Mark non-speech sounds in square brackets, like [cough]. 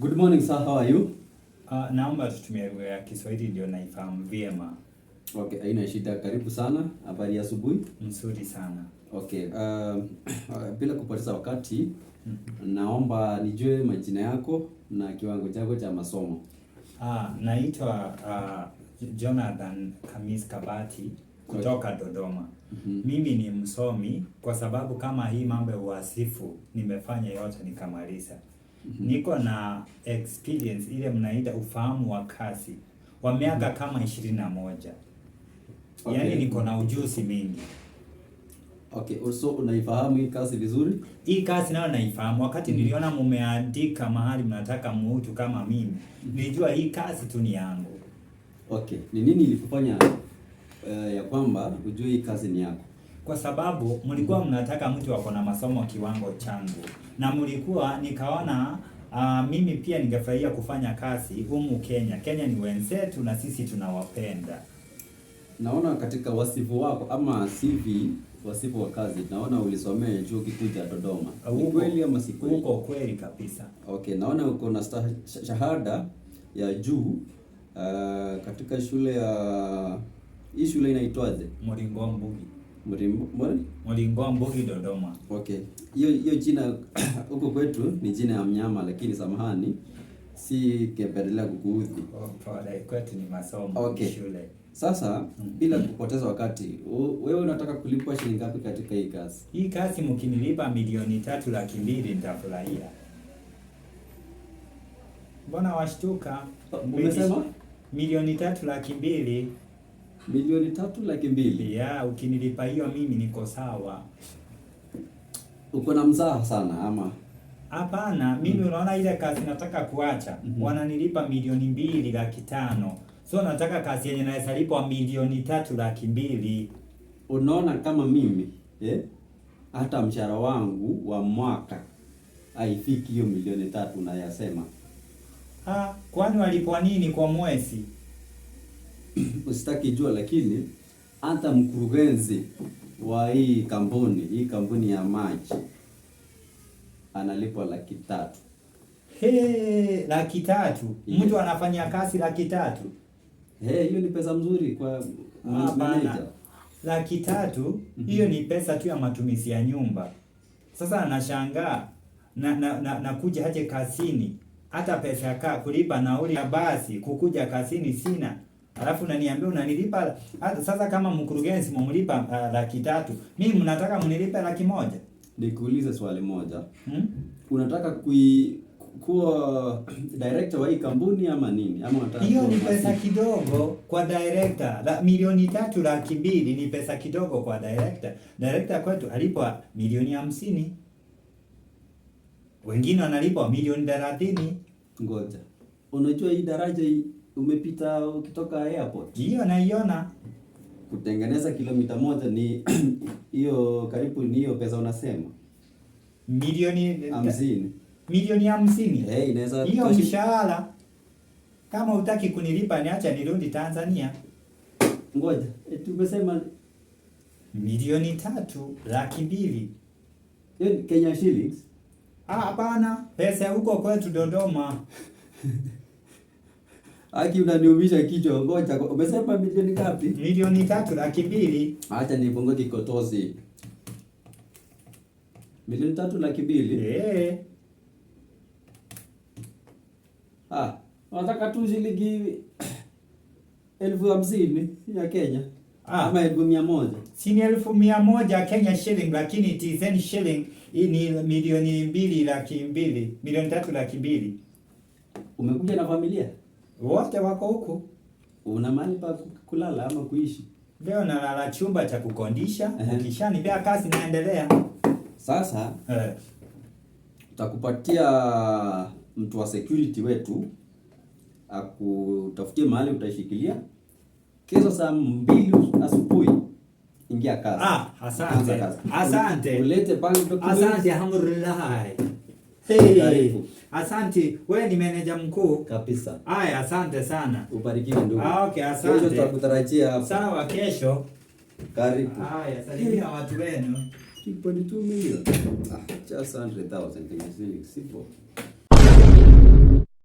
Good morning sir, how are you? Uh, naomba tutumie lugha ya Kiswahili ndio naifahamu vyema. Okay, haina shida. Karibu sana. Habari ya asubuhi? Nzuri sana. Okay, uh, [clears throat] bila kupoteza wakati mm -hmm. Naomba nijue majina yako na kiwango chako cha masomo. Ah, naitwa uh, Jonathan Kamis Kabati kutoka Dodoma. Mm -hmm. Mimi ni msomi kwa sababu kama hii mambo ya uhasifu nimefanya yote nikamaliza niko na experience ile mnaita ufahamu wa kazi wa miaka mm-hmm. kama ishirini na moja. Okay. Yaani niko na ujuzi mingi. Okay, also unaifahamu hii kazi vizuri? Hii kazi nayo naifahamu. Wakati mm -hmm. niliona mumeandika mahali mnataka mtu kama mimi, mm-hmm. nilijua hii kazi tu ni yangu. Okay, ni nini ilikufanya uh, ya kwamba ujue hii kazi ni yako? kwa sababu mlikuwa mnataka mtu wako na masomo kiwango changu, na mlikuwa nikaona uh, mimi pia ningefurahia kufanya kazi humu Kenya. Kenya ni wenzetu na sisi tunawapenda. Naona katika wasifu wako ama CV wasifu wa kazi naona ulisomea chuo kikuu cha Dodoma. Ni kweli ama si kweli? Uko kweli kabisa. Okay, naona uko na shahada ya juu uh, katika shule ya hii shule inaitwaje? Mbugi. Mlingwa Mbugi Dodoma. Okay, hiyo hiyo jina [clears throat] huko kwetu ni jina ya mnyama, lakini samahani, si kependelea kukuudhi. Oh, kwetu ni masomo okay, shule. Sasa mm. bila mm -hmm. kupoteza wakati, wewe unataka kulipwa shilingi ngapi katika hii kazi? Hii kazi mkinilipa milioni tatu laki mbili nitafurahia. Mbona washtuka? Umesema milioni tatu laki mbili Milioni tatu laki mbili. Yeah, ukinilipa hiyo mimi niko sawa. Uko na mzaha sana ama? Hapana, mimi mm. unaona ile kazi nataka kuacha. Mm -hmm. Wananilipa milioni mbili laki tano. So nataka kazi yenye naweza lipwa milioni tatu laki mbili. Unaona kama mimi, eh? Hata mshahara wangu wa mwaka haifiki hiyo milioni tatu unayasema. Ha, kwani walipwa nini kwa mwezi? [coughs] usitaki jua, lakini hata mkurugenzi wa hii kampuni hii kampuni ya maji analipwa laki tatu. He, laki tatu yeah. Mtu anafanya kazi laki tatu hiyo hey, ni pesa mzuri kwa manager. Laki tatu mhm. hiyo ni pesa tu ya matumizi ya nyumba. Sasa anashangaa na na, na, na kuja haje kazini, hata pesa kaa kulipa nauli ya basi kukuja kazini sina Alafu unaniambia unanilipa hata sasa, kama mkurugenzi mumlipa uh, laki tatu, mimi mnataka mnilipe laki moja. Nikuulize swali moja hmm? Unataka kui kuwa [clears throat] director wa hii kampuni ama nini? Ama unataka hiyo ni pesa kidogo kwa director la, milioni tatu laki mbili ni pesa kidogo kwa director. Director kwetu alipwa milioni hamsini, wengine wanalipwa milioni thelathini. Ngoja unajua hii daraja hii umepita ukitoka airport. Hiyo naiona kutengeneza kilomita moja ni [clears throat] hiyo karibu ni hiyo pesa unasema milioni hamsini milioni hamsini hey, eh, inaweza hiyo mshahara. Kama utaki kunilipa niacha nirudi Tanzania. Ngoja eti eh, umesema milioni tatu laki mbili eh, Kenya shillings. Ah, hapana, pesa huko kwetu Dodoma [laughs] Aki unaniumisha kichwa ngoja. Umesema milioni ngapi? Milioni tatu laki mbili. Acha nifungue kikotozi. Milioni tatu laki mbili. Eh. Ah, unataka tu shilingi elfu hamsini ya Kenya. Ah. Ama elfu mia moja. Si ni elfu mia moja Kenya shilling lakini Tizen shilling ni milioni mbili laki mbili. Milioni tatu laki mbili. Umekuja na familia? wote wako huku. Una mali pa kulala ama kuishi? Leo nalala chumba cha kukondisha. Ukishanipea kazi naendelea. Sasa eh, utakupatia mtu wa security wetu akutafutie mahali utaishikilia. Kesho saa mbili asubuhi ingia kazi. Ah, asante. Asante. Ulete pale Asante, alhamdulillah. Hey. Karibu. Asante, wewe ni meneja mkuu kabisa. Haya, asante sana. Ubarikiwe ndugu. Ah, okay, asante. Kesho tutakutarajia hapo. Sawa, kesho. Karibu. Haya, salimia watu wenu. 2.2 milioni. Ah, just 100,000 clinic. sipo.